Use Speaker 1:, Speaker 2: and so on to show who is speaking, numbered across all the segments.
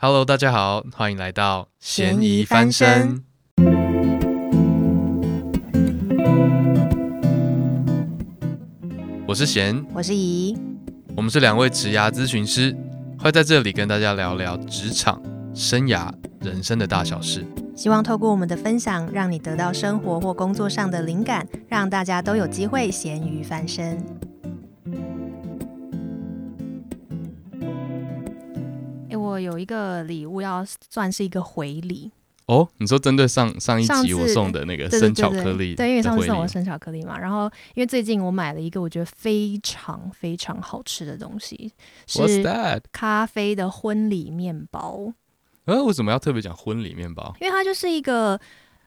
Speaker 1: Hello，大家好，歡迎來到賢宜翻身。我是賢，我是宜，我們是兩位職涯諮詢師，會在這裡跟大家聊聊職場、生涯、人生的大小事。
Speaker 2: 希望透過我們的分享，讓你得到生活或工作上的靈感，讓大家都有機會賢宜翻身。有一個禮物要算是一個回禮
Speaker 1: 哦，你說針對上上一集我送的那個生巧克力對對對對，對，因為上次送我生
Speaker 2: 巧克力嘛。然後因為最近我買了一個我覺得非常非常好吃的東西，是咖啡的婚禮麵包。
Speaker 1: 呃、啊，為什麼要特別講婚禮麵包？
Speaker 2: 因為它就是一個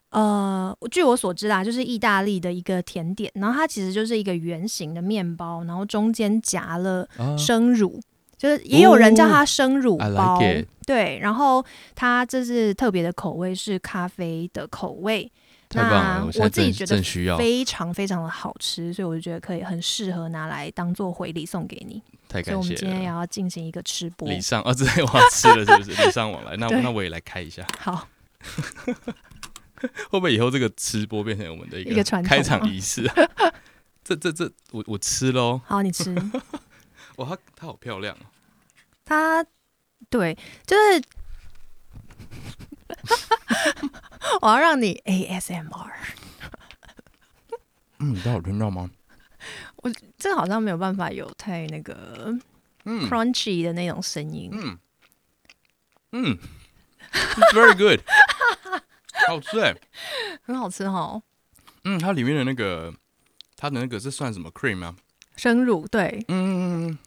Speaker 2: 呃，據我所知啦，就是意大利的一個甜點。然後它其實就是一個圓形的麵包，然後中間夾了生乳。啊就是也有人叫它生乳包，Ooh, I like it. 對，然後它這是特別的口味，是咖啡的口味。太棒了！那我自己覺得非常非常的好吃，所以我就覺得可以很適合拿來當做回禮送給你。太感謝！所以我們今天也要進行一個吃播，禮尚啊，這我要吃了，是不是？禮 尚往來，那那我也來開一下。好，
Speaker 1: 會不會以後這個吃播變成我們的一個開場儀式？ 這這這，我我吃嘍。好，你吃。 哇，它它好漂亮哦！
Speaker 2: 它對，就是 我要讓你 ASMR。 嗯，大家有聽到嗎？我這個好像沒有辦法有太那個，crunchy 的那種聲音。嗯
Speaker 1: 嗯，It's very good，
Speaker 2: 好吃欸，很好吃哦。嗯，
Speaker 1: 它裡面的那個，它的那個是算什麼 cream 啊？
Speaker 2: 生乳對，
Speaker 1: 嗯，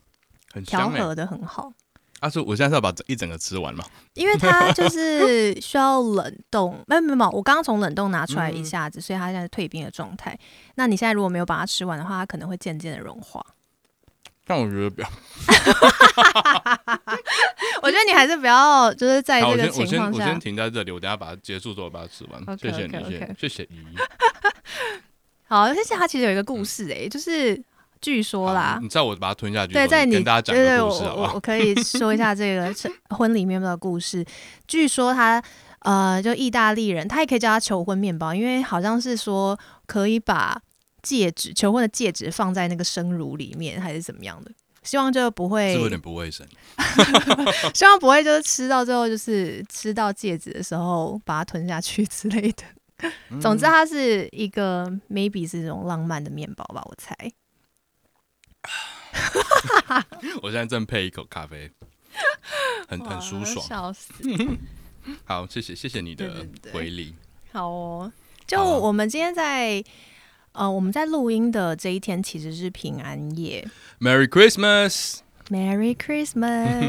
Speaker 1: 很香、欸、調和的很好。他說我現在是要把一整個吃完嗎？因為它就是
Speaker 2: 需要冷凍， 沒有沒有，我剛剛從冷凍拿出來一下子、嗯，所以它現在是退冰的狀態。那你現在如果沒有把它吃完的話，它可能會漸漸的融化。
Speaker 1: 但我覺得不要，
Speaker 2: 我覺得你還是不要，就是在這個情況下我我，我先
Speaker 1: 停在這裡，我等下把它結束之後把它吃完。Okay, 謝謝你，okay, okay. 謝謝姨。
Speaker 2: 好，謝謝。它其實有一個故事、欸，哎、嗯，就是。據說啦，你在我
Speaker 1: 把它吞下去，對，在你，我跟大家講個故事好不好？對，我，我可以說一下
Speaker 2: 這個婚禮麵包的故事。 據說他呃，就意大利人，他也可以叫他求婚麵包，因為好像是說可以把戒指求婚的戒指放在那個生乳裡面，還是怎麼樣的。希望就不會是有點不
Speaker 1: 衛生，
Speaker 2: 希望不會就是吃到最後就是吃到戒指的時候把它吞下去之類的。嗯、總之，它是一個 maybe 是這種浪漫的麵包吧，我猜。
Speaker 1: 我現在正配一口咖啡，很很舒爽，笑
Speaker 2: 死！
Speaker 1: 好，謝謝，謝謝你的回禮，哦。
Speaker 2: 好哦，就我們今天在呃，我們在錄音的這一天其實是平安夜
Speaker 1: ，Merry Christmas，Merry Christmas，Merry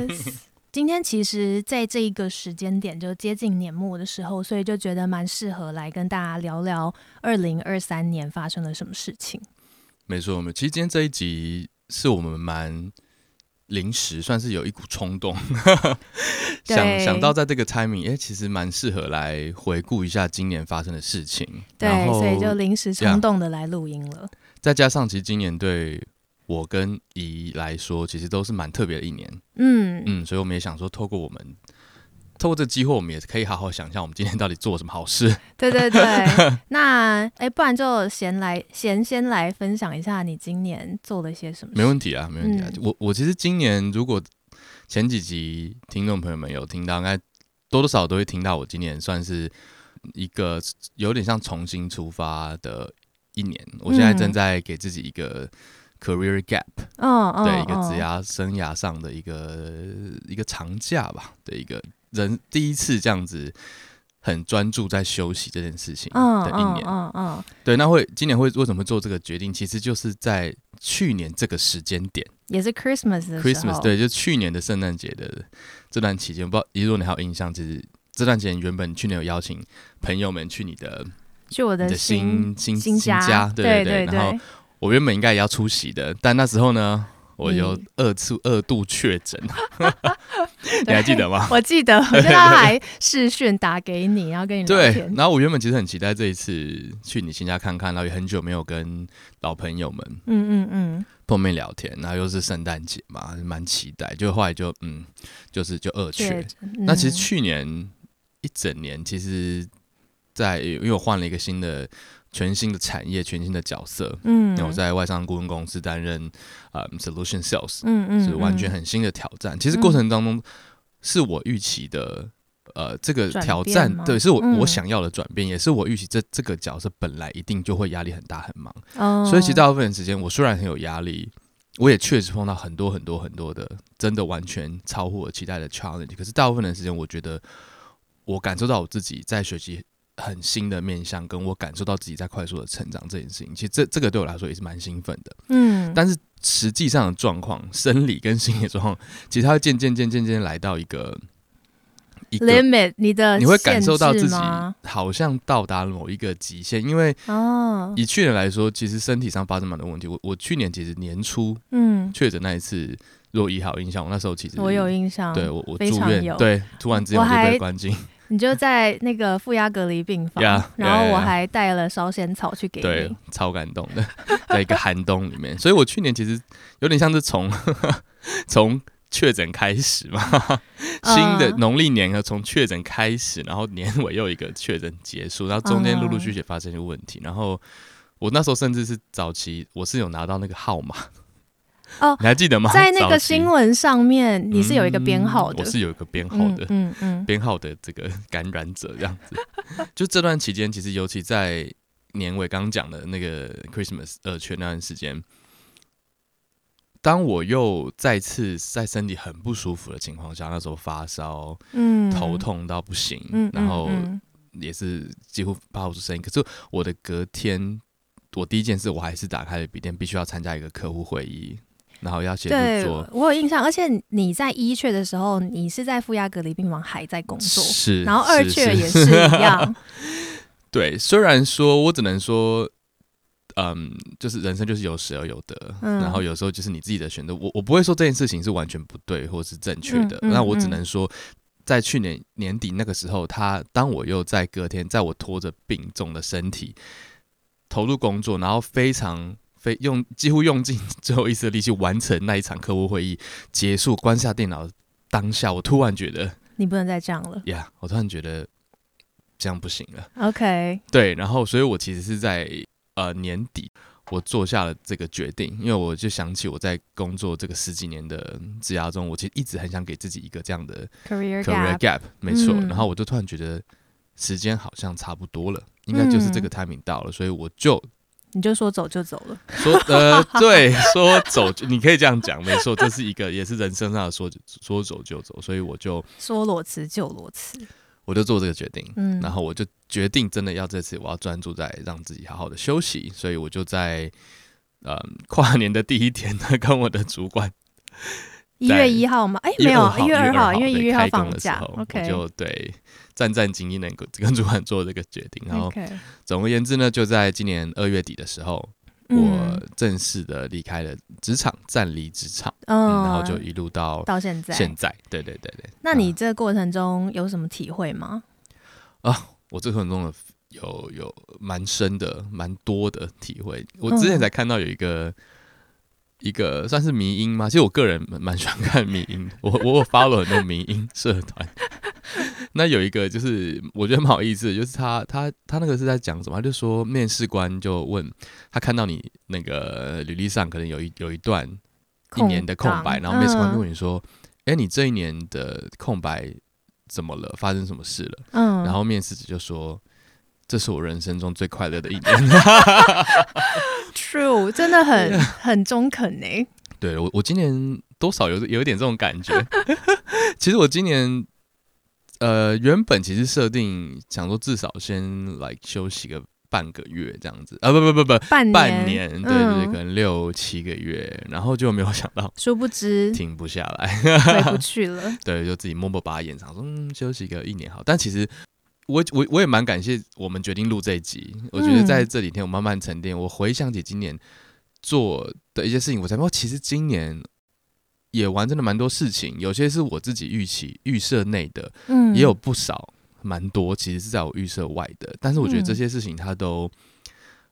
Speaker 2: Christmas！ 今天其實在這一個時間點就接近年末的時候，所以就覺得蠻適合來跟大家聊聊二零二三年發生了什麼事情。
Speaker 1: 沒錯，我們其實今天這一集是我們蠻臨時，算是有一股衝動，呵呵想想到在這個猜 n 哎，其實蠻適合來回顧一下今年發生的事情。對，所以就臨時衝動
Speaker 2: 的來錄音了。
Speaker 1: 再加上，其實今年對我跟姨來說，其實都是蠻特別的一年。嗯嗯，所以我們也想說，透過我們。透過這個機會，我們也可以好好想想我們今天到底做了什麼好事。對對對，
Speaker 2: 那哎、欸，不然就先來先先來分享一下你今年做了些什麼事。沒問題啊，沒問題啊。嗯、
Speaker 1: 我我其實今年如果前幾集聽眾朋友們有聽到，應該多多少少都會聽到。我今年算是一個有點像重新出發的一年。嗯、我現在正在給自己一個 career gap，、
Speaker 2: 哦、對、哦、一個職涯
Speaker 1: 生涯上的一個、哦、一個長假吧的一個。人第一次這樣子很專注在休息這件事情的一年，嗯嗯嗯對，那會今年會為什麼會做這個決定？其實就是在去年這個時間點，
Speaker 2: 也是 Christmas，Christmas，Christmas，對，就是、
Speaker 1: 去年的聖誕節的這段期間，我不知道，如果你還有印象，其、就、實、是、這段時間原本去年有邀請朋友們去你的，
Speaker 2: 去我的新的新新，新家，新家對對對，對對對，然後
Speaker 1: 我原本應該也要出席的，但那時候呢。我有二次、二度確診、嗯， 你還記得嗎？我記得，我覺得他還
Speaker 2: 視訊打給你，然後跟你聊天對。
Speaker 1: 然後我原本其實很期待這一次去你新家看看，然後也很久沒有跟老朋友們，嗯嗯嗯，碰面聊天。嗯嗯嗯、然後又是聖誕節嘛，蠻期待。就後來就嗯，就是就二確、嗯。那其實去年一整年，其實在因為我換了一個新的。全新的產業，全新的角色。嗯，我在外商顧問公司擔任嗯、呃、solution sales，嗯，嗯是完全很新的挑戰。嗯、其實過程當中，是我預期的、嗯，呃，這個挑戰，對，是我、嗯、我想要的轉變，也是我預期這這個角色本來一定就會壓力很大很忙、哦。所以其實大部分的時間，我雖然很有壓力，我也確實碰到很多很多很多的真的完全超乎我期待的 challenge。可是大部分的時間，我覺得我感受到我自己在學習。很新的面向，跟我感受到自己在快速的成長這件事情，其實這這個對我來說也是蠻興奮的。嗯，但是實際上的狀況，生理跟心理狀況，其實它會漸漸漸漸漸來到一個，一個 Limit，你的你會感受到自己好像到達某一個極限，因為哦，以去年來說，其實身體上發生蠻多問題。我我去年其實年初嗯確診那一次，若一好印象，我那時候其實我有印象，對，我我住院，對，突然之間我就被關進。
Speaker 2: 你就在那個負壓隔離病房，yeah, yeah, yeah. 然後我還帶了燒仙草去給你。對，
Speaker 1: 超感動的，在一個寒冬裡面。 所以，我去年其實有點像是從從確診開始嘛，新的農曆年和從確診開始，然後年尾又一個確診結束，然後中間陸陸續續發生一些問題，呃。然後我那時候甚至是早期，我是有拿到那個號碼。哦、
Speaker 2: oh，你還記得嗎？在那個新聞上面，你是有一個編號的、嗯。我是有一個編號的，編、嗯
Speaker 1: 嗯嗯、號的這個感染者這樣子。 就這段期間，其實尤其在年尾剛講的那個 Christmas 二確那段時間，當我又再次在身體很不舒服的情況下，那時候發燒，嗯，頭痛到不行，嗯、然後也是幾乎發不出聲音、嗯嗯嗯。可是我的隔天，我第一件事我還是打開了筆電，必須要參加一個客戶會議。然後要寫做
Speaker 2: 對。我有印象。而且你在一確的時候，你是在負壓隔離病房還在工作，是。然後二確也是一樣。是是
Speaker 1: 是 對，雖然說我只能說，嗯，就是人生就是有失而有得、嗯。然後有時候就是你自己的選擇，我我不會說這件事情是完全不對或是正確的、嗯嗯嗯。那我只能說，在去年年底那個時候，他當我又在隔天，在我拖着病重的身體投入工作，然後非常。用幾乎用盡最後一絲力氣完成那一場客戶會議，結束關下電腦當下，我突然覺得
Speaker 2: 你不能再這樣了。呀、
Speaker 1: yeah，我突然覺得這樣不行了。OK，對，然後所以，我其實是在呃年底，我做下了這個決定，因為我就想起我在工作這個十幾年的職涯中，我其實一直很想給自己一個這樣的 career gap, career gap，沒錯、嗯。然後我就突然覺得時間好像差不多了，嗯、應該就是這個 timing 到了，所以我就。
Speaker 2: 你就說走就走了，說呃對， 說
Speaker 1: 走你可以這樣講，沒錯，這是一個也是人生上的說說走就走，所以我就
Speaker 2: 說裸辭就裸辭，
Speaker 1: 我就做這個決定，嗯，然後我就決定真的要這次我要專注在讓自己好好的休息，所以我就在、呃、跨年的第一天呢跟我的主管。
Speaker 2: 一月一號嗎？哎、欸，沒有，一月二號，因為一月一號的時候放假，okay、
Speaker 1: 我就對戰戰兢兢的跟主管做這個決定，然後，okay、總而言之呢，就在今年二月底的時候，嗯、我正式的離開了職場，暫離職場、嗯嗯，然後就一路到到現在。現在，對對對對。
Speaker 2: 那你這個過程中有什麼體會嗎？
Speaker 1: 嗯、啊，我這個過程中有有蠻深的、蠻多的體會。我之前才看到有一個。嗯一個算是迷音嗎？其實我個人蠻，蠻喜歡看迷音 我，我我我 follow 很多迷音社團。 那有一個就是我覺得蠻有意思的，就是他他他那個是在講什麼？他就說面試官就問他看到你那個履歷上可能有一有一段一年的空白空檔，然後面試官就問你說：“哎、嗯，你這一年的空白怎麼了？發生什麼事了？”嗯、然後面試者就說。這是我人生中最快樂的一年 。
Speaker 2: True，真的很真的，啊，很中肯呢，欸。
Speaker 1: 對我，我今年多少有有一點這種感覺。 其實我今年，呃，原本其實設定想說至少先來，like、休息個半個月這樣子啊，不不不不，半年半年，對對，可能六七個月，嗯，然後就沒有想到，殊不知停不下來， 回不去了。對，就自己默默把它延長，說嗯，休息個一年好，但其實。我我我也蠻感謝我們決定錄這一集。我覺得在這幾天我慢慢沉澱，我回想起今年做的一些事情，我才發現其實今年也完成了蠻多事情。有些是我自己預期預設內的，也有不少蠻多，其實是在我預設外的。但是我覺得這些事情它都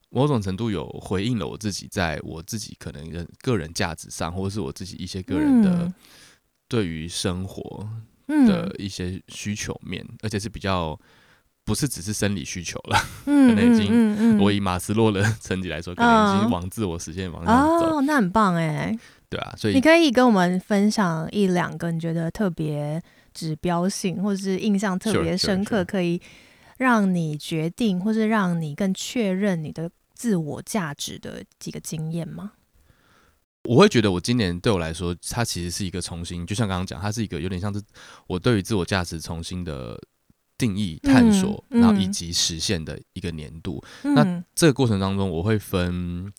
Speaker 1: 某種程度有回應了我自己，在我自己可能人個人價值上，或者是我自己一些個人的對於生活的一些需求面，嗯、而且是比較不是只是生理需求了，嗯、可能已經、嗯嗯、我以馬斯洛的層級來說、嗯，可能已經往自我實現哦往哦，
Speaker 2: 那很棒哎，
Speaker 1: 對啊，所以你可以
Speaker 2: 跟我們分享一兩個你覺得特別指標性，或者是印象特別深刻，可以讓你決定，或是讓你更確認你的自我價值的幾個經驗嗎？
Speaker 1: 我會覺得，我今年對我來說，它其實是一個重新，就像剛剛講，它是一個有點像是我對於自我價值重新的定義、探索、嗯嗯，然後以及實現的一個年度。嗯、那這個過程當中，我會分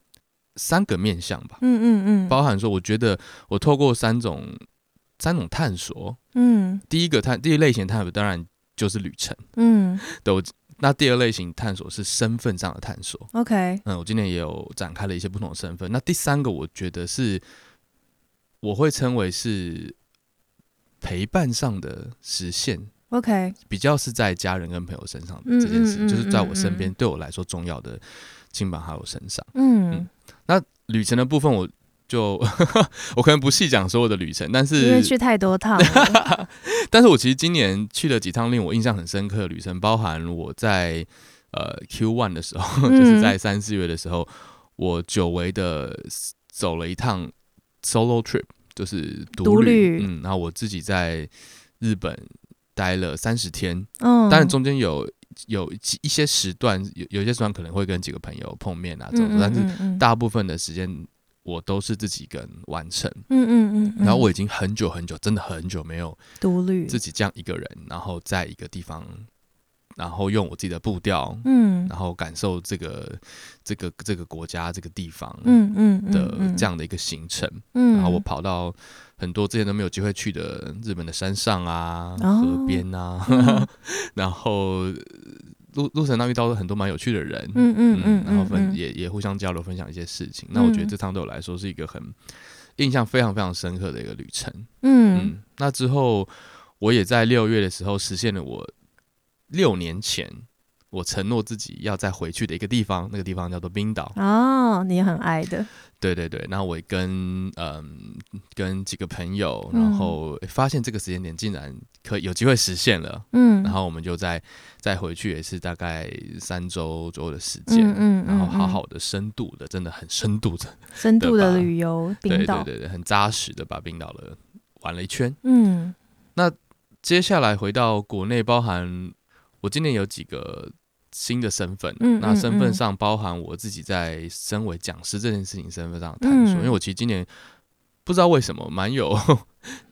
Speaker 1: 三個面向吧，嗯嗯嗯，包含說，我覺得我透過三種三種探索，嗯，第一個探第一類型的探索，當然就是旅程，嗯，對我。那第二類型探索是身份上的探索，OK，嗯，我今年也有展開了一些不同的身份。那第三個我覺得是，我會稱為是陪伴上的實現，OK，比較是在家人跟朋友身上的這件事，嗯嗯嗯嗯嗯嗯嗯，就是在我身邊對我來說重要的親朋好友身上嗯，嗯，那旅程的部分我。就 我可能不細講所有的旅程，但是因為去
Speaker 2: 太多趟，
Speaker 1: 但是我其實今年去了幾趟令我印象很深刻的旅程，包含我在、呃、Q1 的時候，嗯、就是在三四月的時候，我久違的走了一趟 Solo Trip，就是獨旅，獨旅，嗯，然後我自己在日本待了三十天、嗯，當然中間有有一些時段，有有些時段可能會跟幾個朋友碰面啊這種，種、嗯嗯嗯嗯，但是大部分的時間。我都是自己一個人完成，嗯嗯嗯，然後我已經很久很久，真的很久沒有自己這樣一個人，然後在一個地方，然後用我自己的步調，嗯，然後感受這個這個這個國家這個地方，嗯嗯的這樣的一個行程嗯嗯嗯，嗯，然後我跑到很多之前都沒有機會去的日本的山上啊，哦、河邊啊，嗯、 然後。路路程當中遇到了很多蠻有趣的人，嗯嗯，嗯，然後分也也互相交流分享一些事情，嗯。那我覺得這趟對我來說是一個很印象非常非常深刻的一個旅程。嗯，嗯，那之後我也在六月的時候實現了我六年前。我承諾自己要再回去的一個地方，那個地方叫做冰島。
Speaker 2: 哦，你很愛的。
Speaker 1: 對對對，那我跟嗯、呃、跟幾個朋友、嗯，然後發現這個時間點竟然可以有機會實現了。嗯，然後我們就再再回去也是大概三周左右的時間嗯嗯嗯嗯嗯，然後好好的深度的，真的很深度的
Speaker 2: 深度的旅遊冰島。對對對對，很
Speaker 1: 紮實的把冰島的玩了一圈。嗯，那接下來回到國內，包含我今年有幾個。新的身份嗯嗯嗯，那身份上包含我自己在身為講師這件事情身份上探索嗯嗯。因為我其實今年不知道為什麼蠻有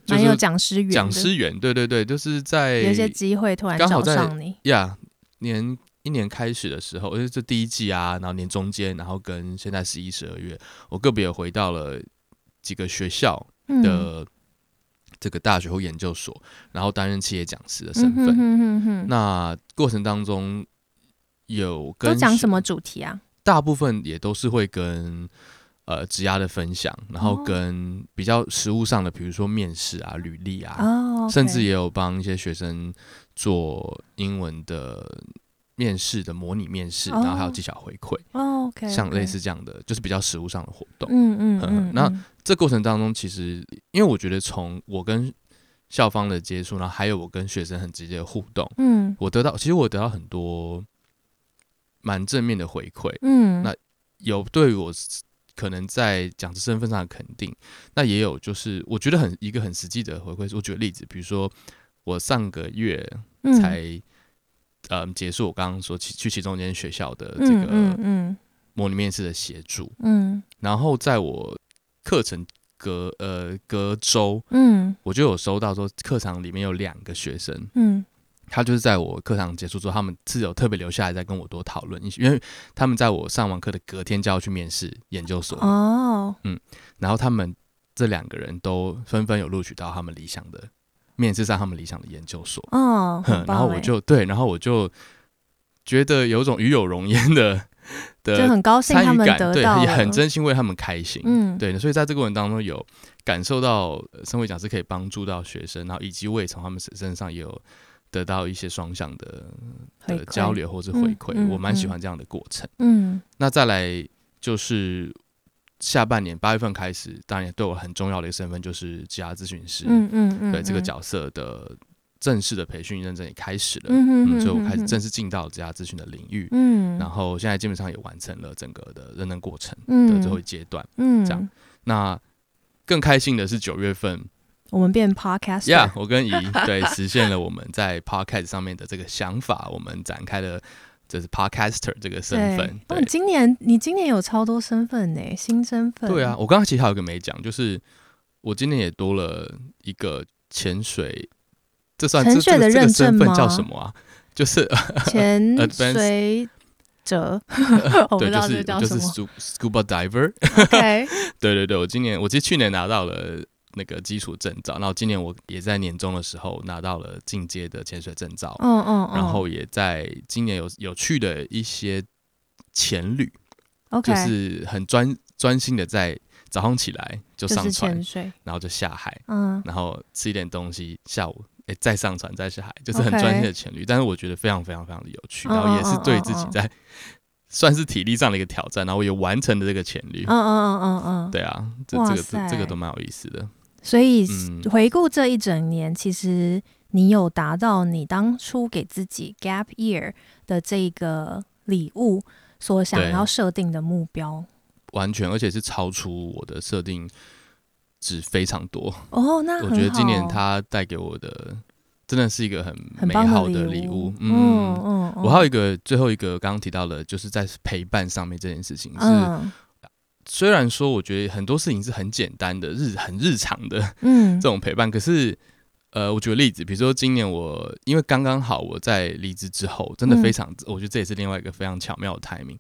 Speaker 1: 蠻 有講師員，講師員，對對對，就是在，在有些機會突然找上你呀。Yeah, 年一年開始的時候，就是第一季啊，然後年中間，然後跟現在十一、十二月，我個別回到了幾個學校的這個大學或研究所，然後擔任企業講師的身
Speaker 2: 份、嗯哼哼哼哼。那
Speaker 1: 過程當中。有跟都講什麼主題啊？大部分也都是會跟呃職涯的分享，然後跟比較實務上的，oh. 比如說面試啊、履歷啊，oh, okay. 甚至也有幫一些學生做英文的面試的模擬面試，oh. 然後還有技巧回饋。
Speaker 2: Oh. Okay. 像
Speaker 1: 類似這樣的，okay. 就是比較實務上的活動。嗯嗯呵呵嗯。那嗯這過程當中，其實因為我覺得從我跟校方的接觸，然後還有我跟學生很直接的互動，嗯，我得到其實我得到很多。蠻正面的回饋，嗯，那有對我可能在講師身份上的肯定，那也有就是我覺得很一個很實際的回饋。我舉個例子，比如說我上個月才、嗯呃、結束，我剛剛說去去其中間學校的這個模擬面試的協助嗯嗯，嗯，然後在我課程隔呃隔周，嗯，我就有收到說課堂裡面有兩個學生，嗯。他就是在我課堂結束之後，他們是有特別留下來再跟我多討論，因為他們在我上完課的隔天就要去面試研究所哦，oh. 嗯，然後他們這兩個人都紛紛有錄取到他們理想的面試上他們理想的研究所，嗯、
Speaker 2: oh,，然後我就
Speaker 1: 對，然後我就覺得有種與有榮焉的的，就很高興他們得到，對，也很真心為他們開心，嗯，對，所以在這個過程當中有感受到身為講師可以幫助到學生，然後以及我也從他們身身上也有。得到一些雙向的，的交流或者是回饋。嗯嗯嗯，我蠻喜歡這樣的過程。嗯嗯。那再來就是下半年八月份開始，當然也對我很重要的一個身份就是職涯諮詢師。嗯嗯嗯，對這個角色的正式的培訓認證也開始了。嗯，所以我開始正式進到職涯諮詢的領域。嗯。然後現在基本上也完成了整個的認證過程的最後一階段。嗯嗯。這樣。那更開心的是九月份。
Speaker 2: 我們變 Podcaster，yeah, 我跟宜對實
Speaker 1: 現了我們在 Podcast 上面的這個想法。 我們展開了就是 Podcaster 這個身份。不
Speaker 2: 是今年，你今年有超多身份呢，新身份。對啊，
Speaker 1: 我剛剛其實還有一個沒講，就是我今年也多了一個潛水，這算潛水的認證嗎？這個身份、叫什麼啊？就是潛水者， 對就是、我不
Speaker 2: 知道這叫、就是
Speaker 1: 叫 scuba diver，、okay. 對對對，我今年，我其實去年拿到了。那個基礎證照，然後今年我也在年終的時候拿到了進階的潛水證照，嗯嗯嗯，然後也在今年有有趣的一些潛旅，okay. 就是很專專心的在早上起來就上船，就是，然後就下海，嗯，然後吃一點東西，下午、欸，再上船再下海，就是很專業的潛旅，okay. 但是我覺得非常非常非常的有趣，然後也是對自己在算是體力上的一個挑戰，然後我也完成了這個潛旅，嗯嗯嗯嗯嗯，對啊，這這個這個、這個都蠻有意思的。
Speaker 2: 所以回顧這一整年，嗯、其實你有達到你當初給自己 gap year 的這個禮物所想要設定的目標。
Speaker 1: 完全，而且是超出我的設定值非常多哦。那我覺得今年他帶給我的真的是一個很美好的禮物。嗯嗯嗯。我還有一個最後一個剛剛提到的，就是在陪伴上面這件事情是。嗯雖然說我覺得很多事情是很簡單的日很日常的，這種陪伴、嗯，可是，呃，我舉個例子，比如說今年我因為剛剛好我在離職之後，真的非常、嗯，我覺得這也是另外一個非常巧妙的 timing。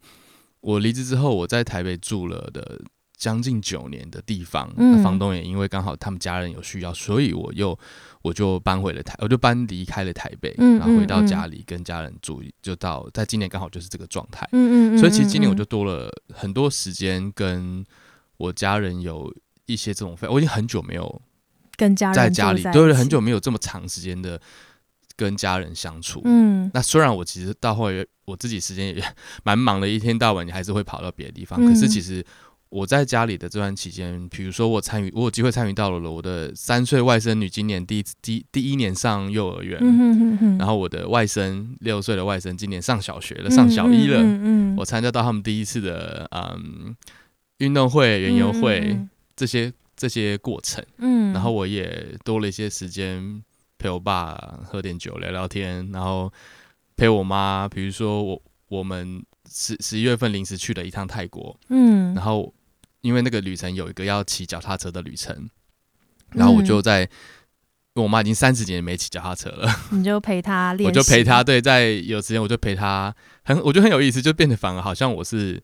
Speaker 1: 我離職之後，我在台北住了的將近九年的地方，嗯、那房東也因為剛好他們家人有需要，所以我又。我就搬回了台，我就搬離開了台北，然後回到家裡跟家人住，嗯嗯、就到在今年剛好就是這個狀態、嗯嗯嗯。所以其實今年我就多了很多時間跟我家人有一些這種費，我已經很久沒有
Speaker 2: 跟家人在家裡，家，對，很久沒
Speaker 1: 有這麼長時間的跟家人相處。嗯，那雖然我其實到後來我自己時間也蠻忙的，一天到晚你還是會跑到別的地方、嗯，可是其實。我在家裡的這段期間，比如說我參與，我有機會參與到了我的三歲外甥女今年第第第一年上幼兒園，嗯，然後我的外甥，六歲的外甥今年上小學了，上小一了，嗯嗯嗯嗯，我參加到他們第一次的嗯運動會、園遊會，嗯嗯，這些這些過程，嗯，然後我也多了一些時間陪我爸喝點酒聊聊天，然後陪我媽，比如說我我們十十一月份臨時去了一趟泰國，嗯，然後。因為那個旅程有一個要騎腳踏車的旅程，
Speaker 2: 然後我就
Speaker 1: 在，嗯、我媽已經三十幾年沒騎腳踏車了，
Speaker 2: 你就陪她練，我就陪她，
Speaker 1: 對，在有時間我就陪她，很我覺得很有意思，就變得反而好像我是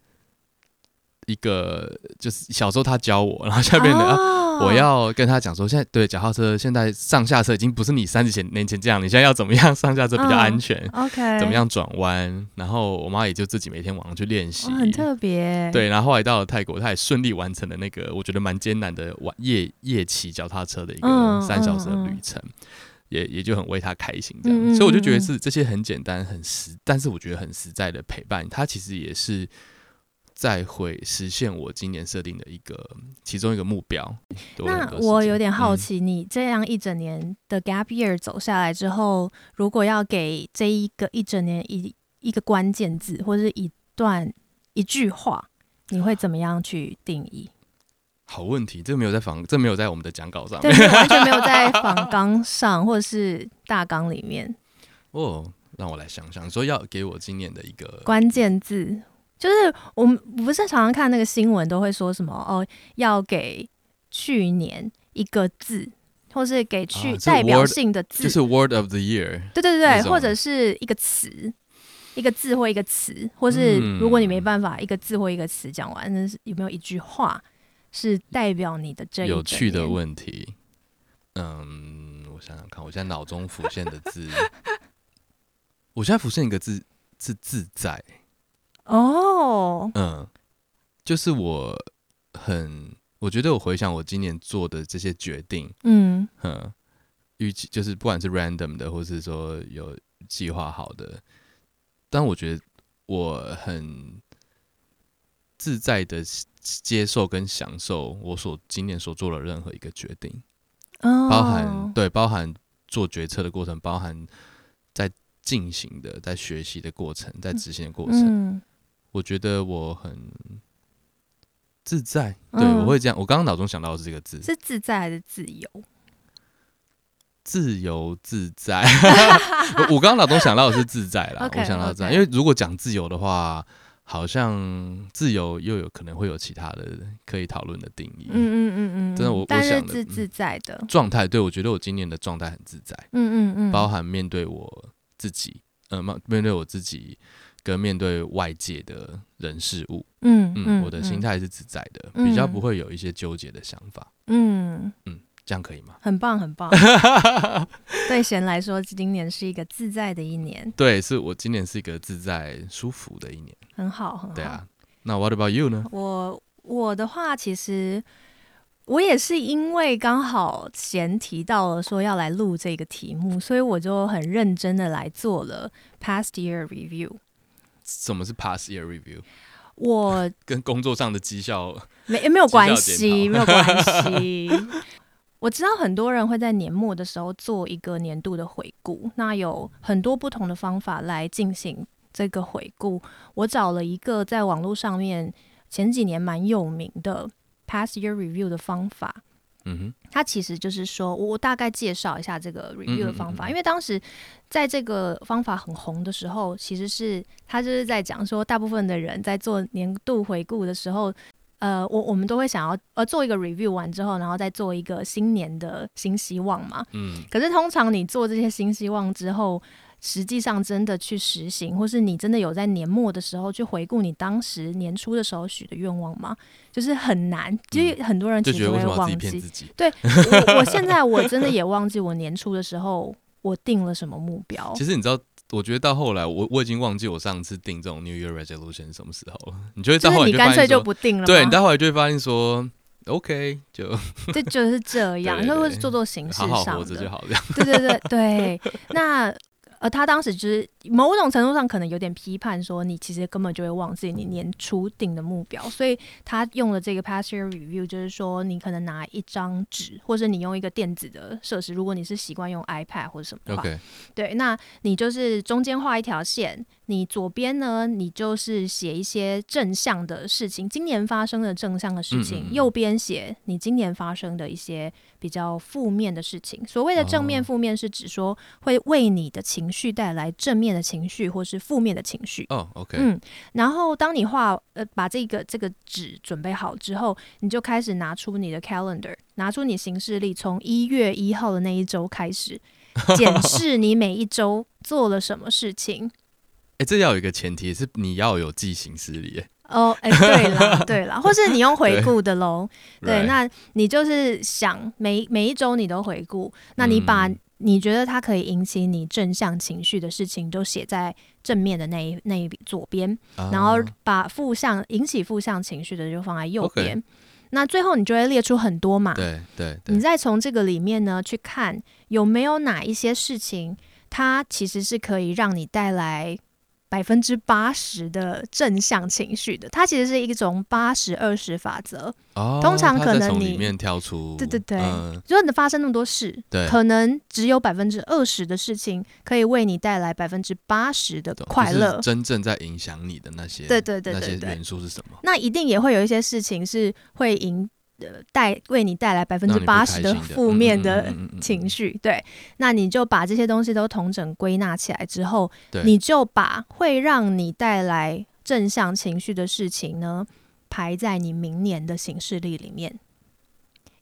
Speaker 1: 一個就是小時候她教我，然後下面的。哦我要跟他講說，現在對腳踏車現在上下車已經不是你三十前年前這樣，你現在要怎麼樣上下車比較安全，oh,OK，怎麼樣轉彎？然後我媽也就自己每天晚上去練習，oh, 很
Speaker 2: 特別。對，
Speaker 1: 然後後來到了泰國，她也順利完成了那個我覺得蠻艱難的晚夜夜騎腳踏車的一個三小時的旅程，oh, oh, oh. 也也就很為她開心這樣，嗯。所以我就覺得是這些很簡單很實，但是我覺得很實在的陪伴，她其實也是。再會實現我今年設定的一個其中一個目標。 那我有點好
Speaker 2: 奇你，你、嗯、這樣一整年的 gap year 走下來之後，如果要給這一個一整年一一個關鍵字或者是一段一句話，你會怎麼樣去定義？
Speaker 1: 啊、好問題，這沒有在訪，這沒有在我們的講稿上，這 完全沒有在
Speaker 2: 訪綱上或者是大綱裡面。
Speaker 1: 哦，讓我來想想，說要給我今年的一個關
Speaker 2: 鍵字。就是我們不是常常看那個新聞，都會說什麼哦？要給去年一個字，或是給去代表性的字，就、啊、是、
Speaker 1: 是 Word of the Year。對對對，或者
Speaker 2: 是一個詞，一個字或一個詞，或是如果你沒辦法一個字或一個詞講完，嗯、那是有沒有一句話是代表你的這？有趣的
Speaker 1: 問題。嗯，我想想看，我現在腦中浮現的字， 我現在浮現一個字是自在。哦、oh.，嗯，就是我很，我覺得我回想我今年做的這些決定，嗯預計、嗯、就是不管是 random 的，或是說有計劃好的，但我覺得我很自在的接受跟享受我所今年所做的任何一個決定，嗯、oh.，包含，對，包含做決策的過程，包含在進行的，在學習的過程，在執行的過程。嗯我覺得我很自在，對、嗯、我會這樣。我剛剛腦中想到的是這個字，是
Speaker 2: 自在還是自由？
Speaker 1: 自由自在。 我剛剛腦中想到的是自在啦， okay, okay. 我想到這樣。因為如果講自由的話，好像自由又有可能會有其他的可以討論的定義。嗯嗯嗯嗯，
Speaker 2: 真的我，想的是自、自在的狀
Speaker 1: 態、嗯，對，我覺得我今年的狀態很自在。嗯嗯嗯，包含面對我自己，嗯、呃，面對我自己。面對外界的人事物，嗯嗯，嗯，我的心態是自在的，嗯，比較不會有一些糾結的想法，嗯嗯，這樣可以嗎？
Speaker 2: 很棒，很棒。 對賢來說，今年是一個自在的一年。
Speaker 1: 對，是我今年是一個自在舒服的一年。
Speaker 2: 很好，很好。對啊，
Speaker 1: 那 What about you 呢？
Speaker 2: 我我的話，其實我也是因為剛好賢提到了說要來錄這個題目，所以我就很認真的來做了 Past Year Review。
Speaker 1: 什麼是 past year review？我跟工作上的績效沒沒有關係，沒有關係。關係
Speaker 2: 我知道很多人會在年末的時候做一個年度的回顧，那有很多不同的方法來進行這個回顧。我找了一個在網絡上面前幾年蠻有名的 past year review 的方法。他、嗯、其實就是說，我大概介紹一下這個 review 的方法，嗯嗯嗯嗯，因為當時在這個方法很紅的時候，其實是他就是在講說，大部分的人在做年度回顧的時候，呃，我我們都會想要呃做一個 review 完之後，然後再做一個新年的新希望嘛。嗯、可是通常你做這些新希望之後，實際上，真的去實行，或是你真的有在年末的時候去回顧你當時年初的時候許的願望嗎？就是很難，其、嗯、實很多人其實就實會忘記，自己對，我我現在我真的也忘記我年初的時候我定了什麼目標。 其
Speaker 1: 實你知道，我覺得到後來，我我已經忘記我上次定這種 New Year Resolution 什麼時候了。你覺得待會到後來就發現、就是、你就乾脆就不定了？對，你待會就會發現說 OK，就這 就，
Speaker 2: 就是這樣，就會做做形式上好，好活着就好了。對對對對，那。呃，他當時就是某種程度上可能有點批判，說你其實根本就會忘記你年初定的目標，所以他用了這個 past year review，就是說你可能拿一張紙，或者你用一個電子的設施，如果你是習慣用 iPad 或者什麼的話，okay. 對，那你就是中間畫一條線。你左邊呢？你就是寫一些正向的事情，今年發生的正向的事情。嗯，右邊寫你今年發生的一些比較負面的事情。所謂的正面、負面，是指說會為你的情緒帶來正面的情緒，或是負面的情緒。哦，OK。嗯，然後當你畫呃，把這個這個紙準備好之後，你就開始拿出你的 calendar，拿出你行事曆，從一月一號的那一週開始檢視你每一週做了什麼事情。
Speaker 1: 哎、欸，這要有一個前提是你要有記性失力
Speaker 2: 哦。哎、oh, 欸，對了，對了， 或是你用回顧的嘍。對，對 right. 那你就是想每每一周你都回顧，那你把你覺得它可以引起你正向情緒的事情都寫在正面的那一那一筆左邊，oh. 然後把負向引起負向情緒的就放在右邊。Okay. 那最後你就會列出很多嘛。對對,對，你再從這個裡面呢去看有沒有哪一些事情，它其實是可以讓你帶來。百分之八十的正向情緒的，它其實是一種八十二十法則、哦。通常可能你從裡面挑
Speaker 1: 出對對對，呃、如
Speaker 2: 果你發生那麼多事，可能只有百分之二十的事情可以為你帶來百分之八十的快樂。就是、
Speaker 1: 真正在影響你的那些，對對對，對，對對對，那些元素是
Speaker 2: 什麼？那一定也會有一些事情是會影。帶為你帶來百分之八十的負面的情緒、嗯嗯嗯嗯嗯嗯，對，那你就把這些東西都統整歸納起來之後，你就把會讓你帶來正向情緒的事情呢排在你明年的行事曆裡面。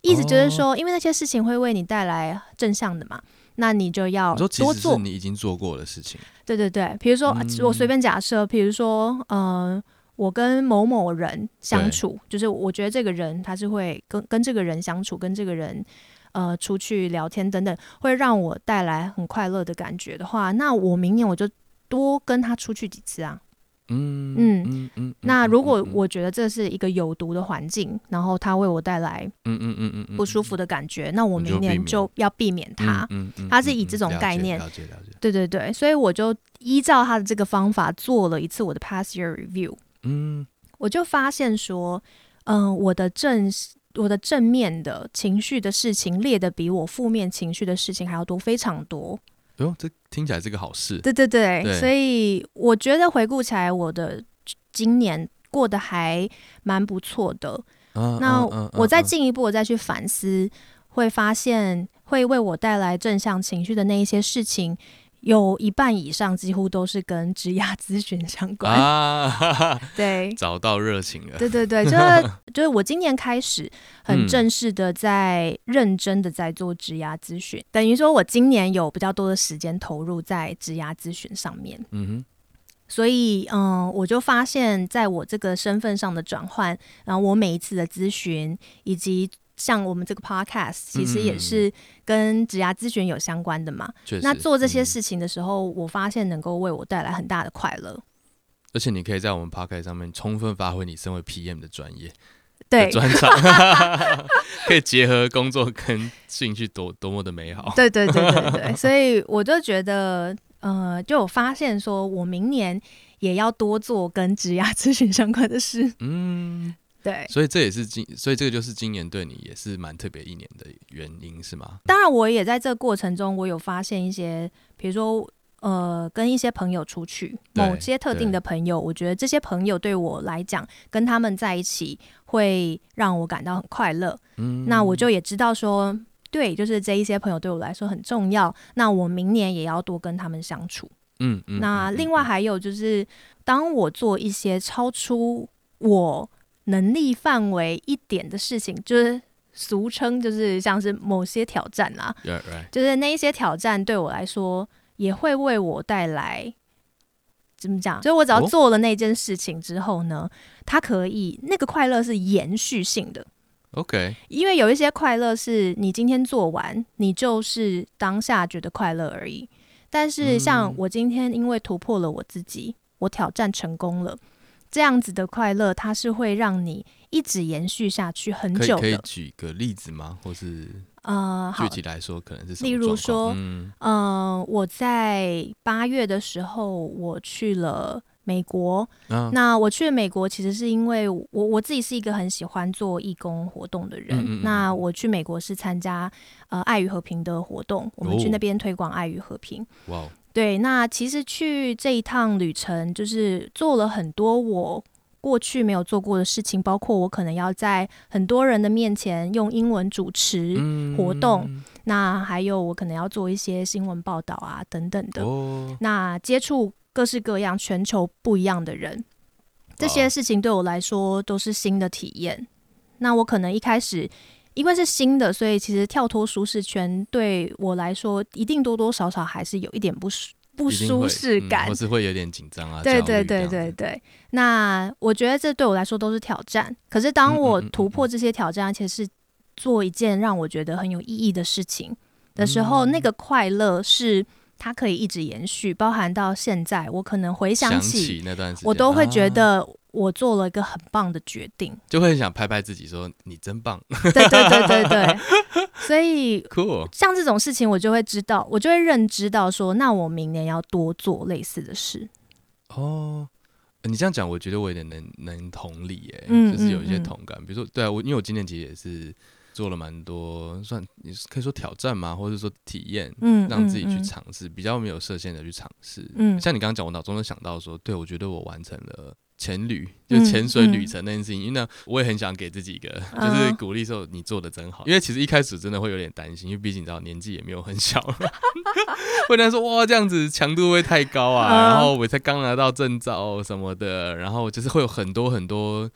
Speaker 1: 意思就是說、
Speaker 2: 哦，因為那些事情會為你帶來正向的嘛，那你就要多做你，
Speaker 1: 你已經做過的
Speaker 2: 事情。對對對，比如說、嗯啊、我隨便假設，比如說嗯。呃我跟某某人相處，就是我覺得這個人他是會跟跟這個人相處，跟這個人呃出去聊天等等，會讓我帶來很快樂的感覺的話，那我明年我就多跟他出去幾次啊。文嗯，嗯嗯嗯。那如果我覺得這是一個有毒的環境，嗯嗯嗯嗯嗯，然後他為我帶來嗯嗯嗯嗯，不舒服的感覺，那我明年就要避免他文、嗯嗯嗯嗯嗯嗯。他是以這種概念。了解了解，了解文。對對對，所以我就依照他的這個方法做了一次我的 past year review。嗯，我就發現說，嗯、呃，我的正、我的正面的情緒的事情，列的比我負面情緒的事情還要多，非常多。
Speaker 1: 喲、哦，這聽起來是個好事。
Speaker 2: 對對對，對，所以我覺得回顧起來，我的今年過得還蠻不錯的。啊、那、啊啊啊、我再進一步，我再去反思、啊啊，會發現會為我帶來正向情緒的那一些事情，有一半以上幾乎都是跟職涯諮詢相關
Speaker 1: 啊， 對，找到熱情了，對對對，就是
Speaker 2: 就是我今年開始很正式的在認真的在做職涯諮詢，嗯，等於說我今年有比較多的時間投入在職涯諮詢上面，嗯哼，所以嗯，我就發現在我這個身份上的轉換，然後我每一次的諮詢以及。像我們這個 podcast，其實也是跟職涯諮詢有相關的嘛，嗯。那做這些事情的時候，嗯、我發現能夠為我帶來很大的快樂。
Speaker 1: 而且你可以在我們 podcast 上面充分發揮你身為 PM 的專業，對專長，長 可以結合工作跟興趣多，多多麼的美好。 對，對對對對對，所
Speaker 2: 以我就覺得，呃，就我發現說我明年也要多做跟職涯諮詢相關的事。嗯。對，
Speaker 1: 所以這也是今，所以這個就是今年對你也是蠻特別一年的原因，是嗎？
Speaker 2: 當然，我也在這過程中，我有發現一些，比如說，呃，跟一些朋友出去，某些特定的朋友，我覺得這些朋友對我來講，跟他們在一起會讓我感到很快樂。嗯，那我就也知道說，對，就是這一些朋友對我來說很重要。那我明年也要多跟他們相處。嗯嗯。那另外還有就是，當我做一些超出我能力範圍一點的事情，就是俗稱就是像是某些挑戰啦，Yeah, right. 就是那一些挑戰對我來說，也會為我帶來怎麼講？所以我只要做了那件事情之後呢，Oh? 它可以那個快樂是延續性的。Okay，因為有一些快樂是你今天做完，你就是當下覺得快樂而已。但是像我今天因為突破了我自己，我挑戰成功了。這樣子的快樂，它是會讓你一直延續下去很久的。可以，可以
Speaker 1: 舉個例子嗎？或是
Speaker 2: 啊、呃，好，具體來說，可能是什麼狀況？例如說，嗯，呃、我在八月的時候，我去了美國。啊、那我去了美國其實是因為我我自己是一個很喜歡做義工活動的人。嗯嗯嗯，那我去美國是參加呃，愛與和平的活動，我們去那邊推廣愛與和平。哦、哇。對，那其實去這一趟旅程，就是做了很多我過去沒有做過的事情，包括我可能要在很多人的面前用英文主持活動，嗯，那還有我可能要做一些新聞報道啊等等的。哦。那接觸各式各樣全球不一樣的人，這些事情對我來說都是新的體驗。那我可能一開始。因為是新的，所以其實跳脫舒適圈對我來說，一定多多少少還是有一點不舒不舒適感，我、嗯、或是
Speaker 1: 會有點緊張啊。對對對
Speaker 2: 對對，對。那我覺得這對我來說都是挑戰，可是當我突破這些挑戰，嗯嗯嗯嗯、而且是做一件讓我覺得很有意義的事情的時候，嗯、那個快樂是它可以一直延續，包含到現在，我可能回想起，想起那段，我都會覺得。啊我做了一個很棒的決定，
Speaker 1: 就會想拍拍自己說：“你真棒！” 對對對對對，
Speaker 2: 所以、cool. 像這種事情，我就會知道，我就會認知到說：“那我明年要多做類似的事。哦”
Speaker 1: 哦、呃，你這樣講，我覺得我有點能能同理耶、欸嗯，就是有一些同感。嗯嗯、比如說，對啊，我因為我今年其實也是做了蠻多，算你可以說挑戰嘛，或者說體驗，嗯，讓自己去嘗試、嗯嗯，比較沒有設限的去嘗試。嗯，像你剛剛講，我腦中都想到說：“對，我覺得我完成了。”潛旅就潛水旅程那件事情，嗯嗯、因為呢，我也很想給自己一個就是鼓勵，說你做得真好，嗯。因為其實一開始真的會有點擔心，因為畢竟你知道年紀也沒有很小了，會有人說，哇，這樣子強度會太高啊，嗯，然後我才剛拿到證照什麼的，然後就是會有很多很多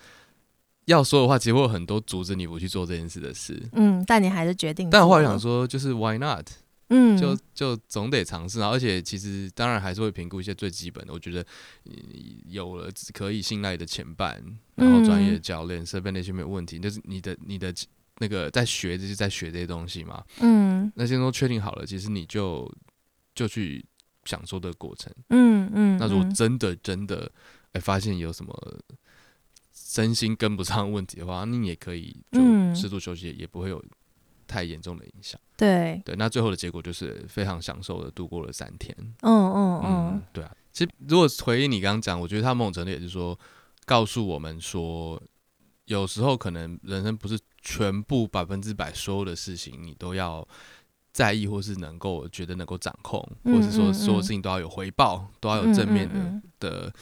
Speaker 1: 要說的話，其實會有很多阻止你不去做這件事的事。
Speaker 2: 嗯，但你還是決定。但我後來想
Speaker 1: 說，就是 Why not？嗯，就就總得嘗試啊，然後而且其實當然還是會評估一些最基本的。我覺得、呃、有了可以信賴的前半，
Speaker 2: 然後專業的
Speaker 1: 教練、嗯、設備那些沒有問題，就是你的你的那個在學這些在學這些東西嘛。嗯，那些都確定好了，其實你就就去享受這個過程。嗯嗯、嗯，那如果真的真的哎、欸、發現有什麼身心跟不上的問題的話，那你也可以就適度休息、嗯，也不會有，太嚴重的影響，對對，那最後的結果就是非常享受的度過了三天。嗯、
Speaker 2: oh, 嗯、oh, oh. 嗯，
Speaker 1: 對啊，其實如果回憶你剛剛講，我覺得他某種程度也是說告訴我們說，有時候可能人生不是全部百分之百所有的事情你都要在意，或是能夠覺得能夠掌控、嗯，或是說所有事情都要有回報，嗯、都要有正面的、嗯嗯嗯、的。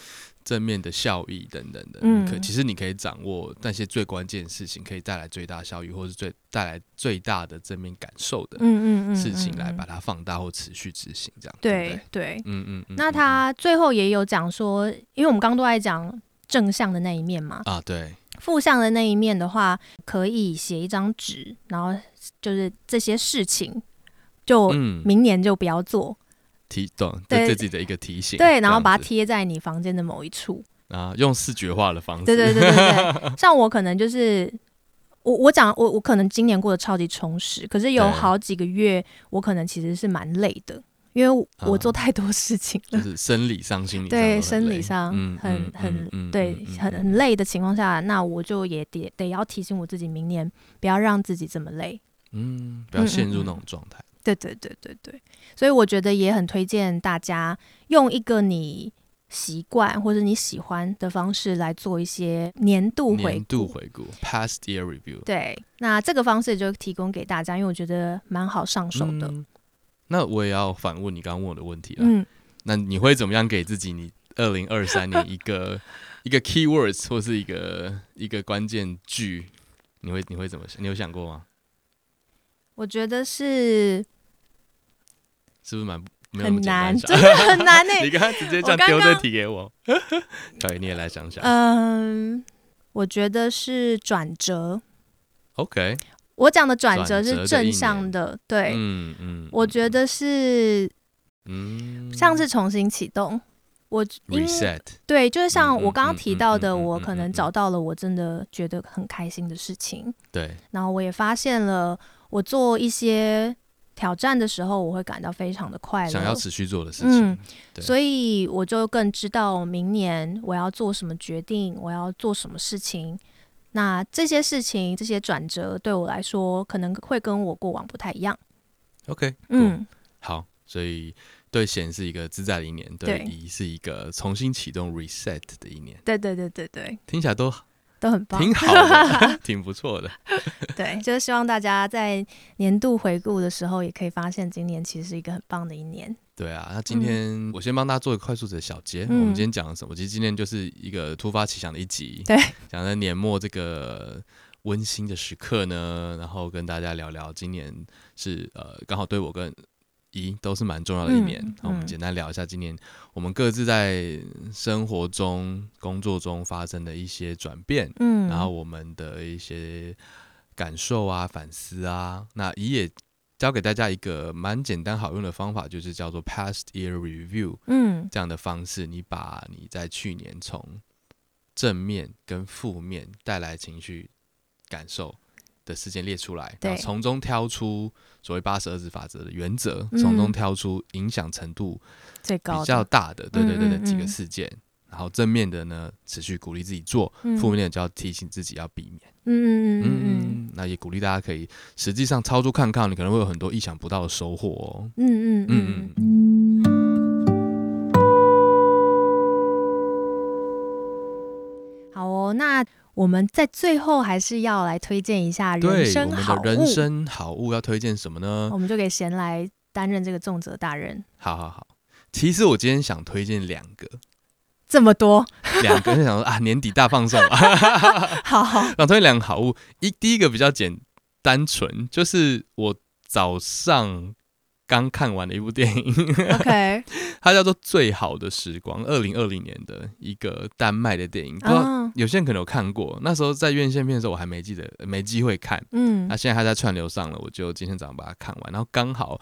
Speaker 1: 正面的效益等等的可、可、嗯、其實你可以掌握那些最關鍵的事情，可以帶來最大效益，或是最帶來最大的正面感受的，嗯嗯事情來把它放大或持續執行這樣。嗯嗯嗯嗯對，對對，嗯嗯，嗯，嗯嗯。那他
Speaker 2: 最後也有講說，因為我們剛剛都在講正向的那一面嘛，啊對。負向的那一面的話，可以寫一張紙，然後就是這些事情，就明年就不要做。嗯
Speaker 1: 提，懂對對自己的一個提醒，對，對，然後把它
Speaker 2: 貼在你房間的某一處
Speaker 1: 啊，用視覺化的方式。對對對對對，
Speaker 2: 像我可能就是我我講我我可能今年過得超級充實，可是有好幾個月我可能其實是蠻累的，因為我，、啊、我做太多事情
Speaker 1: 了，就是生理上、心理上對生理上很、嗯、很，很、嗯嗯嗯、對很很
Speaker 2: 累的情況下、嗯，那我就也得得要提醒我自己，明年不要讓自己這麼累，
Speaker 1: 嗯，不要陷入那種狀態。嗯
Speaker 2: 嗯對對對對對，所以我覺得也很推薦大家用一個你習慣或者你喜歡的方式來做一些年度回顧、年
Speaker 1: 度回顧、past year review。對，
Speaker 2: 那這個方式也就提供給大家，因為我覺得蠻好上手的。嗯，
Speaker 1: 那我也要反問你剛剛問我的問題了。嗯，那你會怎麼樣給自己？你二零二三年一個 一個 key words 或是一個一個關鍵句，你會你會怎麼想？你有想過嗎？
Speaker 2: 我覺得是。
Speaker 1: 是不是蠻很難？真的很難呢、欸。 你剛剛直接這樣丟這題給我，對 你也來想
Speaker 2: 想。嗯、呃，我覺得是轉折。
Speaker 1: OK，
Speaker 2: 我講的轉折是正向的，的對。嗯嗯。我覺得是，嗯，像是重新啟動，我因為對，就是像我剛剛提到的，我可能找到了我真的覺得很開心的事情。對。然後我也發現了，我做一些，挑戰的時候，我會感到非常的快樂。想要持續
Speaker 1: 做的事情、嗯對，所
Speaker 2: 以我就更知道明年我要做什麼決定，我要做什麼事情。那這些事情，這些轉折對我來說，可能會跟我過往不太一樣。
Speaker 1: OK，嗯，好，所以對賢是一個自在的一年，對宜是一個重新啟動 reset 的一年。
Speaker 2: 對對對對對，聽起來都。都很棒，挺好的， 挺不錯錯的。 對，就是希望大家在年度回顧的時候，也可以發現今年其實是一個很棒的一年。
Speaker 1: 對啊，那今天我先幫大家做一個快速的小結、嗯。我們今天講了什麼？其實今天就是一個突發奇想的一集，對、嗯，講在年末這個溫馨的時刻呢，然後跟大家聊聊今年是呃，剛好對我跟。一都是蠻重要的一年，嗯嗯、那我們簡單聊一下今年我們各自在生活中、工作中發生的一些轉變，嗯，然後我們的一些感受啊、反思啊，那宜也教給大家一個蠻簡單好用的方法，就是叫做 past year review，嗯，這樣的方式，你把你在去年從正面跟負面帶來情緒感受。的事件列出來，然後從中挑出所謂八十二字法則的原則，從、嗯、中挑出影響程度比較大的，的對對對的嗯嗯嗯幾個事件，然後正面的呢持續鼓勵自己做，負、嗯、面的就要提醒自己要避免。
Speaker 2: 嗯嗯嗯，嗯，
Speaker 1: 嗯，嗯，那也鼓勵大家可以，實際上超出看看，你可能會有很多意想不到的收穫、哦。嗯嗯嗯嗯，嗯嗯。
Speaker 2: 好哦，那。我們在最後還是要來推薦一下人生好物。對，我們的人生
Speaker 1: 好物要推薦什麼呢？我們
Speaker 2: 就給賢來擔任這個重責大人。
Speaker 1: 好好好，其實我今天想推薦兩個，
Speaker 2: 這麼多，兩個
Speaker 1: 是 想說啊，年底大放送。 好好，然後想推薦兩個好物，一第一個比較簡單純，就是我早上。剛看完的一部電影 ，OK，它叫做《最好的時光》，二零二零年的一個丹麥的電影。不知道有些人可能有看過，Uh-huh. 那時候在院線片的時候我還沒記得，沒機會看。嗯，那、啊、現在還在串流上了，我就今天早上把它看完。然後剛好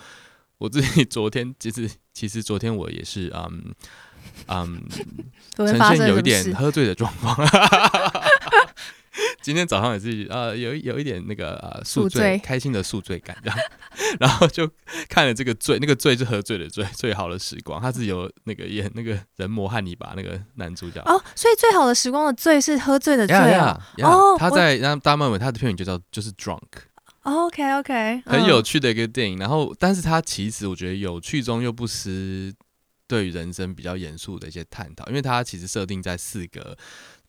Speaker 1: 我自己昨天其實其實昨天我也是嗯嗯、呃， 呈現有一點喝醉的狀況。今天早上也是呃有有一點那個呃宿醉，宿醉開心的宿醉感這樣， 然後就看了這個醉，那個醉是喝醉的醉，最好的時光，他是有那個演那個人魔漢尼拔那個男主角哦，
Speaker 2: 所以最好的時光的醉是喝醉的醉，啊。呀、yeah, yeah, yeah, 哦，然後他在
Speaker 1: 丹麥文他的片名就叫就是 drunk，OK、
Speaker 2: oh, okay, OK，很有
Speaker 1: 趣的一個電影，嗯、然後但是他其實我覺得有趣中又不失對於人生比較嚴肅的一些探討，因為他其實設定在四個。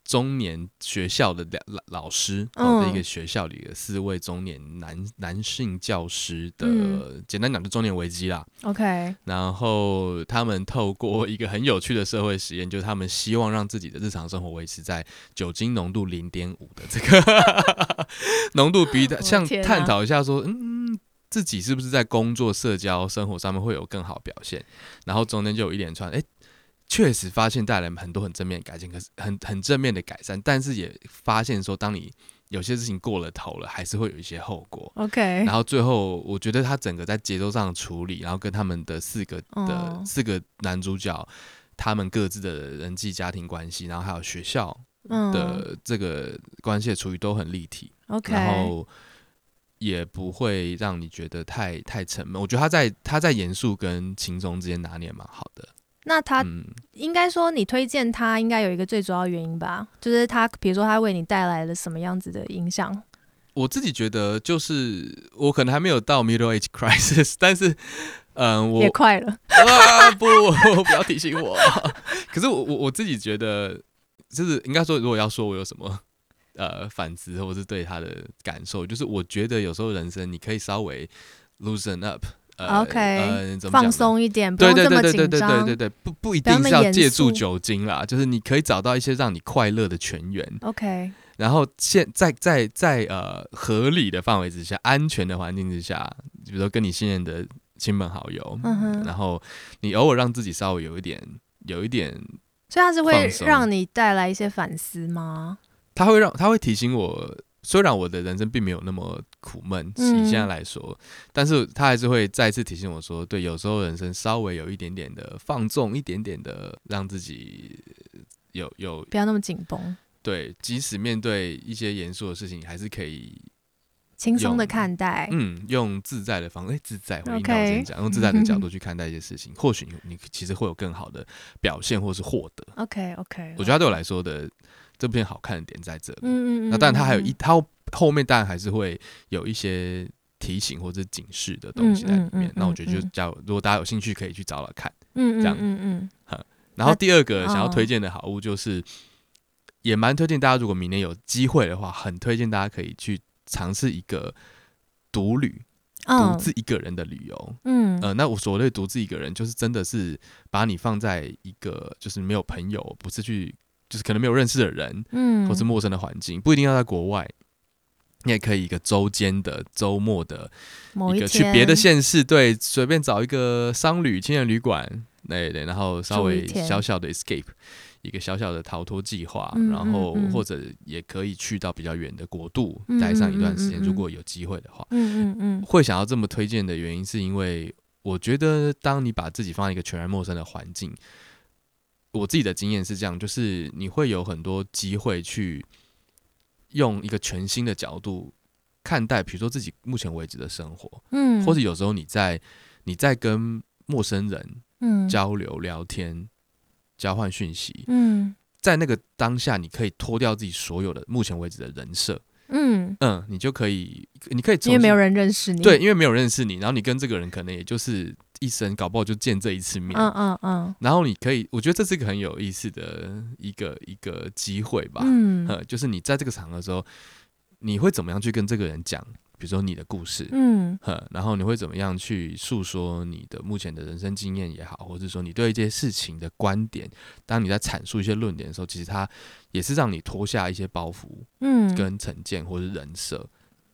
Speaker 1: 中年學校的老老師，然後一個學校裡的四位中年男男性教師的，簡單講就中年危機啦。OK，然後他們透過一個很有趣的社會實驗，就是他們希望讓自己的日常生活維持在酒精濃度零點五的這個濃度，比像探討一下說，嗯，自己是不是在工作、社交、生活上面會有更好表現？然後中間就有一連串，哎。確實發現帶來很多很正面的改進，可是很很正面的改善，但是也發現說，當你有些事情過了頭了，還是會有一些後果。
Speaker 2: OK，然後
Speaker 1: 最後我覺得他整個在節奏上處理，然後跟他們的四個的、嗯、四個男主角他們各自的人際家庭關係，然後還有學校的這個關係的處理都很立體。
Speaker 2: OK，然後
Speaker 1: 也不會讓你覺得太太沉悶。我覺得他在他在嚴肅跟輕鬆之間拿捏也蠻好的。
Speaker 2: 那他、嗯、應該說，你推薦他應該有一個最主要原因吧？就是他，比如說他為你帶來了什麼樣子的影響？
Speaker 1: 我自己覺得，就是我可能還沒有到 middle age crisis，但是，嗯、呃，我也
Speaker 2: 快了、啊、不， 我不要提醒
Speaker 1: 我。可是我我我自己覺得，就是應該說，如果要說我有什麼呃反思，或是對他的感受，就是我覺得有時候人生你可以稍微 loosen up。呃、O.K. 嗯、呃，放鬆一點，不用這麼緊張。對對對對對對，對，對，對不不，不一定是要借助酒精啦，就是你可以找到一些讓你快樂的泉源。O.K. 然後現在在在，在呃合理的範圍之下、安全的環境之下，比如說跟你信任的親朋好友，uh -huh. 然後你偶爾讓自己稍微有一點有一點，
Speaker 2: 所以他是會讓你帶來一些反思嗎？
Speaker 1: 他會讓，他會提醒我。雖然我的人生並沒有那麼苦悶，以現在來說，嗯，但是他還是會再次提醒我說，對，有時候人生稍微有一點點的放縱，一點點的讓自己有有不
Speaker 2: 要那麼緊繃。
Speaker 1: 對，即使面對一些嚴肅的事情，還是可以
Speaker 2: 輕鬆的看待。嗯，
Speaker 1: 用自在的方式哎，自在應我，OK，講用自在的角度去看待一些事情， 或許你你其實會有更好的表現或是獲得。
Speaker 2: OK OK，我覺得他對我來
Speaker 1: 說的。這片好看的點在這裡，嗯
Speaker 2: 嗯嗯、那當然它還有一，
Speaker 1: 它後面當然還是會有一些提醒或者警示的東西在裡面，嗯嗯嗯嗯。那我覺得就叫，如果大家有興趣，可以去找找看，
Speaker 2: 嗯，這樣，嗯，嗯，
Speaker 1: 嗯，嗯然後第二個想要推薦的好物就是，嗯、也蠻推薦大家，如果明年有機會的話，很推薦大家可以去嘗試一個獨旅，
Speaker 2: 嗯、獨自一
Speaker 1: 個人的旅遊。嗯，呃、那我所謂獨自一個人，就是真的是把你放在一個就是沒有朋友，不是去。就是可能沒有認識的人，嗯，或是陌生的環境，嗯，不一定要在國外，你也可以一個周間的周末的，一個去別的縣市，對，隨便找一個商旅青年旅館，對對，然後稍微小小的 escape，一，一個小小的逃脫計劃，然後或者也可以去到比較遠的國度嗯嗯嗯待上一段時間，嗯嗯嗯嗯，如果有機會的話，嗯嗯，嗯嗯，會想要這麼推薦的原因是因為我覺得當你把自己放在一個全然陌生的環境。我自己的經驗是這樣，就是你會有很多機會去用一個全新的角度看待，比如說自己目前為止的生活，嗯，或者有時候你在你在跟陌生人，交流、嗯、聊天、交換訊息，嗯，在那個當下，你可以脫掉自己所有的目前為止的人設，嗯嗯，你就可以，你可以做，因為沒有人
Speaker 2: 認識你，對，因
Speaker 1: 為沒有人認識你，然後你跟這個人可能也就是。一生搞不好就見這一次面，嗯嗯嗯，然後你可以，我覺得這是一個很有意思的一個一個機會吧，嗯，就是你在這個場合的時候，你會怎麼樣去跟這個人講，比如說你的故事，嗯，然後你會怎麼樣去訴說你的目前的人生經驗也好，或者說你對一些事情的觀點，當你在闡述一些論點的時候，其實它也是讓你脫下一些包袱，嗯，跟成見或者人設。嗯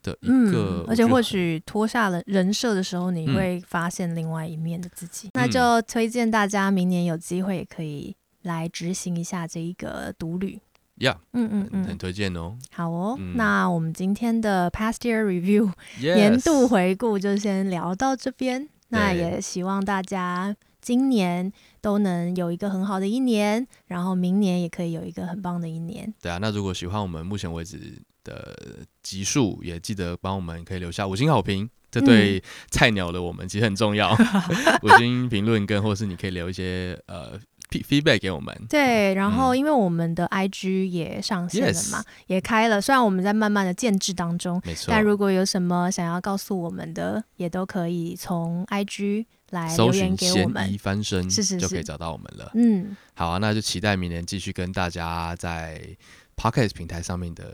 Speaker 1: 的、嗯、而且或許
Speaker 2: 脫下了人設的時候，你會發現另外一面的自己。嗯、那就推薦大家明年有機會也可以來執行一下這一個獨旅。
Speaker 1: Yeah, 嗯嗯嗯，很推薦哦。
Speaker 2: 好哦、嗯，那我們今天的 Past Year Review、yes、年度回顧就先聊到這邊。那也希望大家今年都能有一個很好的一年，然後明年也可以有一個很棒的一年。
Speaker 1: 對啊，那如果喜歡我們目前為止的集數也記得幫我們可以留下五星好評，這對菜鳥的我們其實很重要。嗯、 五星評論跟或是你可以留一些呃
Speaker 2: feedback 給我們。對，然後因為我們的 IG 也上線了嘛，嗯、也開了，雖然我們在慢慢的建置當中，沒錯。但如果有什麼想要告訴我們的，也都可以從 IG 來留言給我們，搜尋賢宜翻身”，就可以找到我們了是
Speaker 1: 是是。嗯，好啊，那就期待明年繼續跟大家在 podcast 平台上面的。